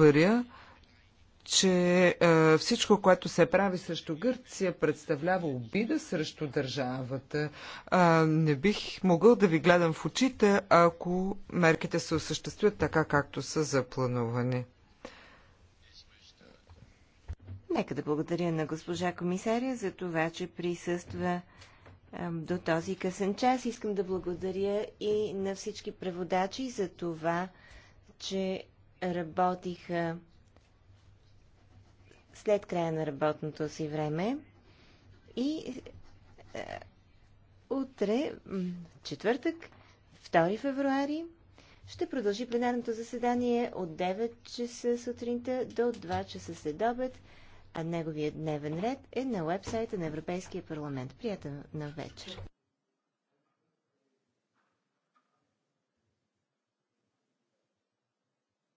уверя, че е, всичко, което се прави срещу Гърция, представлява обида срещу държавата. Е, не бих могъл да ви гледам в очите, ако мерките се осъществят така, както са заплановани. Нека да благодаря на госпожа комисаря за това, че присъства е, до този късен час. Искам да благодаря и на всички преводачи за това, че работиха след края на работното си време и е, утре, четвъртък, 2 февруари, ще продължи пленарното заседание от 9 часа сутринта до 2 часа след обед, а неговият дневен ред е на вебсайта на Европейския парламент. Приятен на вечер!